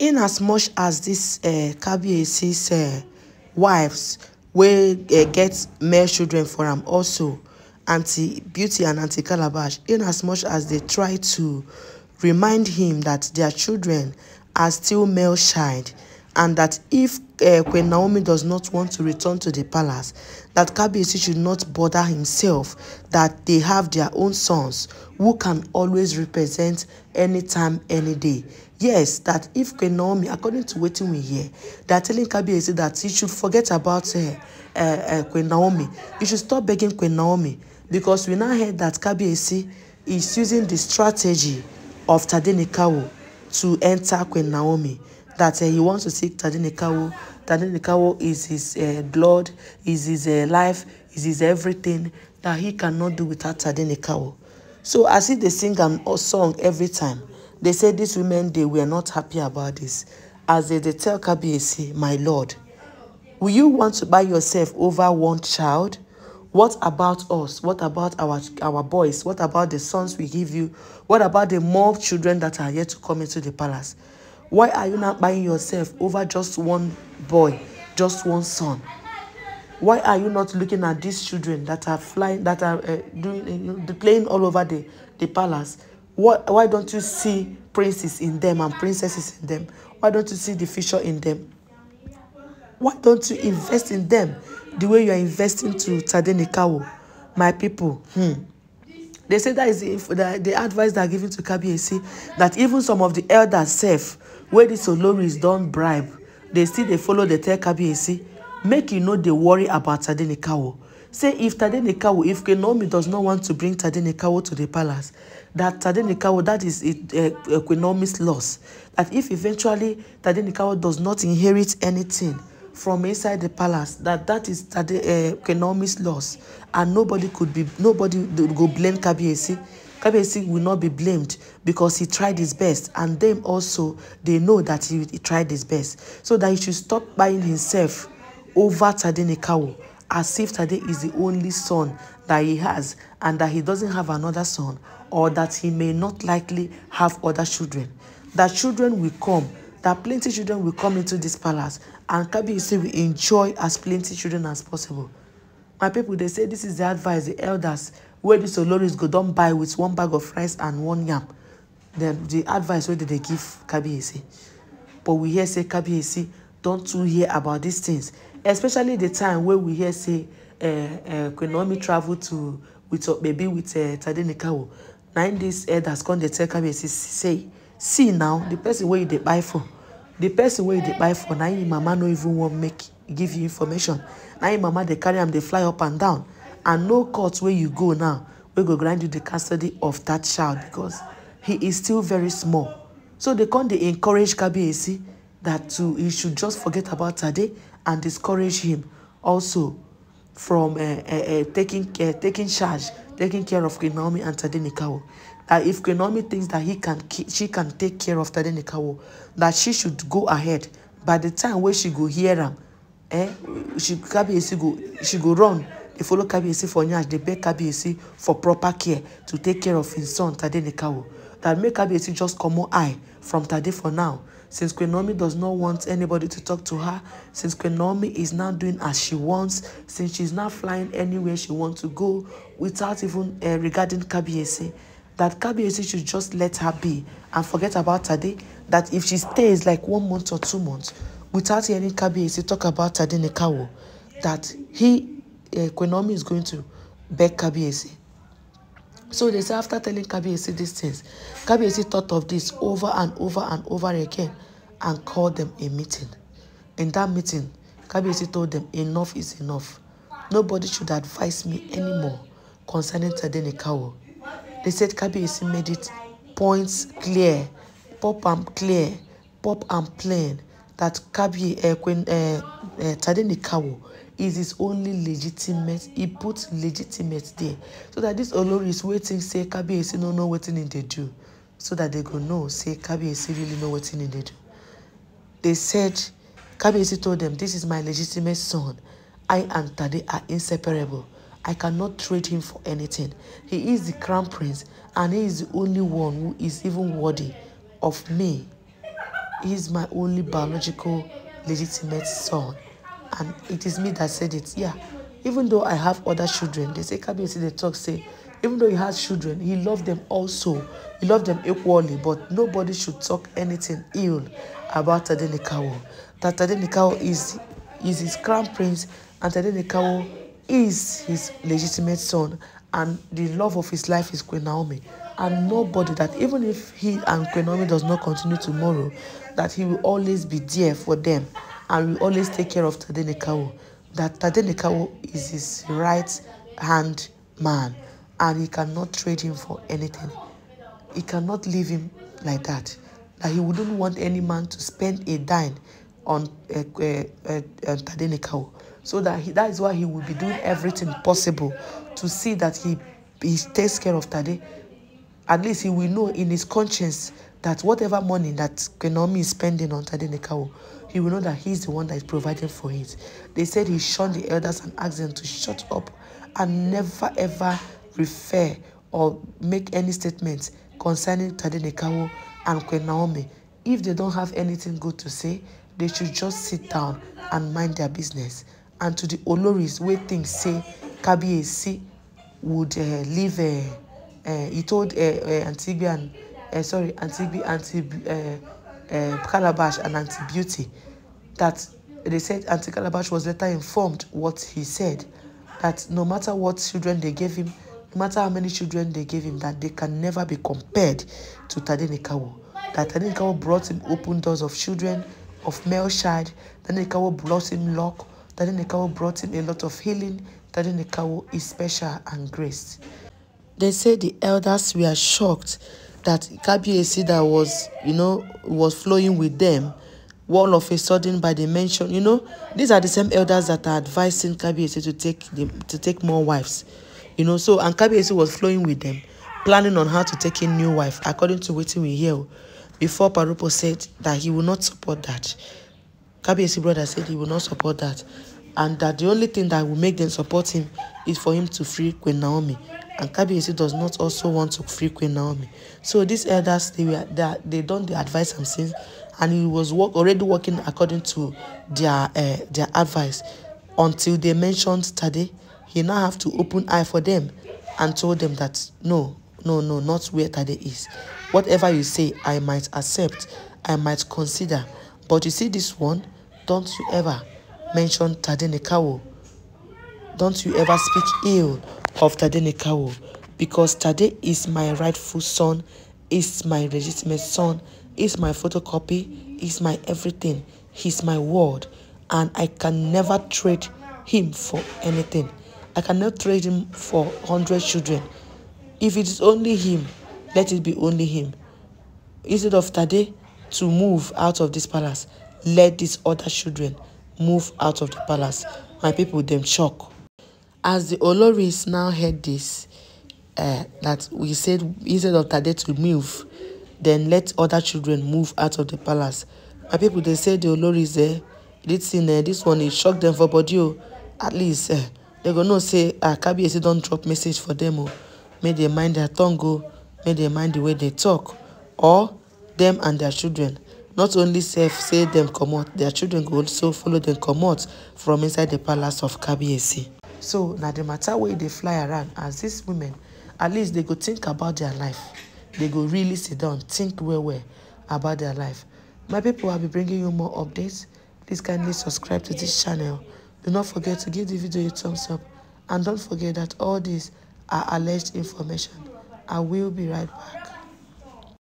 In as dis um uh, kabiyesi's um uh, wives wey um uh, get male children for am also aunty beauty and aunty calabash in as much as they try to remind him that their children are still male child and that if uh, Queen Naomi does not want to return to the palace, that Kabiyesi should not bother himself, that they have their own sons who can always represent anytime, any day yes that if queen naomi according to wetin we hear they are telling kabiyesi that he should forget about uh, eh, uh, eh, queen eh, naomi he should stop begging queen naomi because we now heard that kabiyesi is using the strategy of tadenikawo to enter queen naomi that uh, he wants to seek tadenikawo tadenikawo is his uh, blood is his uh, life is his everything that he cannot do without tadenikawo so as if they sing am a song every time They said "This women, they were not happy about this. As they, they tell KBAC, my lord, will you want to buy yourself over one child? What about us? What about our, our boys? What about the sons we give you? What about the more children that are yet to come into the palace? Why are you not buying yourself over just one boy, just one son? Why are you not looking at these children that are flying, that are uh, doing, uh, playing all over the, the palace? What, why don't you see princes in them and princesses in them? Why don't you see the future in them? Why don't you invest in them the way you are investing to Tade my people? Hmm. They say that is the, the, the advice they are giving to Kabiyesi that even some of the elders self, where the Oloris don't bribe, they still they follow the tell Kabiyesi make you know they worry about Tade say if Tadenikawo, if Kwenomi does not want to bring Tadenikawo to the palace, that Tadenikawo, that is it, uh, loss. That if eventually Tadenikawo does not inherit anything from inside the palace, that that is Tade, uh, loss. And nobody could be, nobody would go blame Kabiesi. Kabesi will not be blamed because he tried his best and them also they know that he, he tried his best so that he should stop buying himself over Tadenikawo as if Tade is the only son that he has and that he doesn't have another son or that he may not likely have other children. That children will come, that plenty children will come into this palace and Kabi, Kabiyesi we enjoy as plenty children as possible. My people, they say this is the advice the elders wey dis oloris go don buy with one bag of rice and one yam. Then the advice where did they give Kabiyesi. But we hear say Kabiyesi don't you hear about these things especially the time when we hear say uh, uh, queen travel to with uh, maybe with uh, eh, tadenikawo na im dis elders come dey tell kabiyesi say see now the person where you dey buy for the person where you dey buy for now im mama no even want make give you information now im mama they carry them they fly up and down and no court where you go now we go grant you the custody of that child because he is still very small so they come they encourage kabiyesi that to he should just forget about tade and discourage him also from uh, uh, uh, taking uh, taking charge, taking care of Queen and Tade That if Queen thinks that he can, she can take care of Tade that she should go ahead. By the time where she go hear him, eh, she Kabiyesi go she go run. They follow Kabiyesi for nyash. They beg Kabiyesi for proper care to take care of his son Tade that make Kabiyesi just comot eye from Tade for now since Queen Naomi does not want anybody to talk to her, since Queen Naomi is now doing as she wants, since she's now flying anywhere she wants to go without even uh, regarding Kabiyesi, that Kabiyesi should just let her be and forget about Tade, that if she stays like one month or two months without hearing Kabiyesi talk about Tade Nekawo, that he, uh, Queen Naomi is going to beg Kabiyesi So they say after telling Kabiyesi these things, Kabiyesi thought of this over and over and over again and called them a meeting. In that meeting, Kabiyesi told them, enough is enough. Nobody should advise me anymore concerning Tadene Tadenikawo. They said Kabiyesi made it points clear, pop and clear, pop and plain that Kabi uh, eh, uh, eh, uh, eh, Tadenikawo is his only legitimate he put legitimate there so that this oloris is waiting. say kabiyesi no know wetin he dey do so that they go know say kabiyesi really know wetin he dey do they said kabiyesi told them this is my legitimate son i and tade are inseparable i cannot trade him for anything he is the crown prince and he is the only one who is even worthy of me he is my only biological legitimate son and it is me that said it yeah even though i have other children they say kabiyesi dey talk say even though he has children he love them also he love them equally but nobody should talk anything ill about tadenikawo that tadenikawo is is his crown prince and tadenikawo is his legitimate son and the love of his life is queen naomi and nobody that even if he and queen naomi does not continue tomorrow that he will always be there for them and will always take care of Tade Nekawo. That Tade Nekawo is his right hand man and he cannot trade him for anything. He cannot leave him like that. That he wouldn't want any man to spend a dime on uh, eh, uh, eh, uh, eh, Tade Nekawo. So that he, that is why he will be doing everything possible to see that he, he takes care of Tade. At least he will know in his conscience that whatever money that Kenomi is spending on Tade Nekawo he will know that he's the one that is providing for it. They said he shunned the elders and asked them to shut up and never ever refer or make any statements concerning Tadenekawo and Queen If they don't have anything good to say, they should just sit down and mind their business. And to the Oloris, wey think say Kabiyesi would uh, leave, uh, uh, he told uh, uh, Antigbe and uh, sorry, Antigbe, Antigbe, uh, um, Calabash and Auntie Beauty that they said Auntie Calabash was later informed what he said, that no matter what children they gave him, no matter how many children they gave him, that they can never be compared to Tadenikawo. That Tadenikawo brought him open doors of children, of male child. Tadenikawo brought him luck. Tadenikawo brought him a lot of healing. Tadenikawo is special and graced. They said the elders were shocked that Kabiyesi that was, you know, was flowing with them, all of a sudden by the mention, you know, these are the same elders that are advising Kabiyesi to take the, to take more wives, you know. So and Kabiyesi was flowing with them, planning on how to take a new wife, according to what we hear. Before Parupo said that he will not support that. Kabiyesi brother said he will not support that and that the only thing that will make them support him is for him to free Queen Naomi. and Kabiyesi does not also want to free Queen Naomi. So these elders, they were they, they don't they advise him since, and he was work, already working according to their uh, their advice until they mentioned Tade. He now have to open eye for them and told them that no, no, no, not where Tade is. Whatever you say, I might accept, I might consider. But you see this one, don't you ever mention Tade Nekawo. Don't you ever speak ill of Tade Nekawo because Tade is my rightful son, is my legitimate son, is my photocopy, is my everything, he's my word, and I can never trade him for anything. I cannot trade him for 100 children. If it is only him, let it be only him. Instead of Tade to move out of this palace, let these other children move out of the palace. My people, them shock. as the Oloris now heard this, uh, that we said instead of Tade to move, then let other children move out of the palace. My people, they said the Oloris, is there. This uh, this one, it shocked them for body. Oh. at least uh, they go know say, ah, Kabiyesi don't drop message for them. Oh, make them mind their tongue. go? Oh. make them mind the way they talk. Or them and their children. Not only self say them come out. their children go also follow them come out from inside the palace of Kabiyesi so now, the matter wey they fly around as these women at least they go think about their life They go really sit down think well well about their life my people i be bringing you more updates please kindly subscribe to this channel do not forget to give the video a thumbs up and don't forget that all these are alleged information i will be right back